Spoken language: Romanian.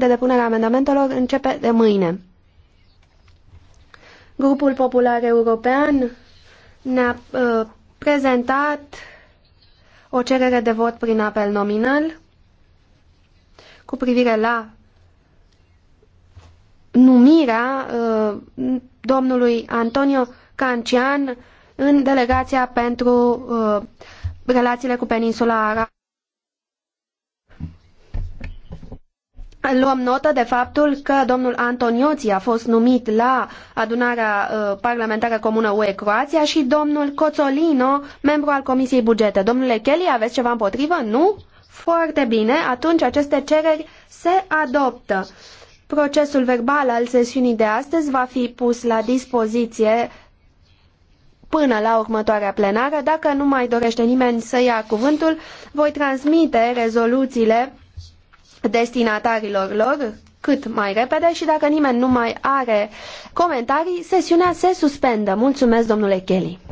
de depunere a amendamentelor începe de mâine. Grupul Popular European ne-a uh, prezentat o cerere de vot prin apel nominal cu privire la numirea uh, domnului Antonio Cancian în delegația pentru uh, relațiile cu peninsula arabă. Luăm notă de faptul că domnul Antonioți a fost numit la adunarea uh, parlamentară comună UE Croația și domnul Coțolino, membru al Comisiei Bugete. Domnule Kelly, aveți ceva împotrivă? Nu? Foarte bine, atunci aceste cereri se adoptă. Procesul verbal al sesiunii de astăzi va fi pus la dispoziție până la următoarea plenară. Dacă nu mai dorește nimeni să ia cuvântul, voi transmite rezoluțiile destinatarilor lor cât mai repede și dacă nimeni nu mai are comentarii, sesiunea se suspendă. Mulțumesc, domnule Kelly.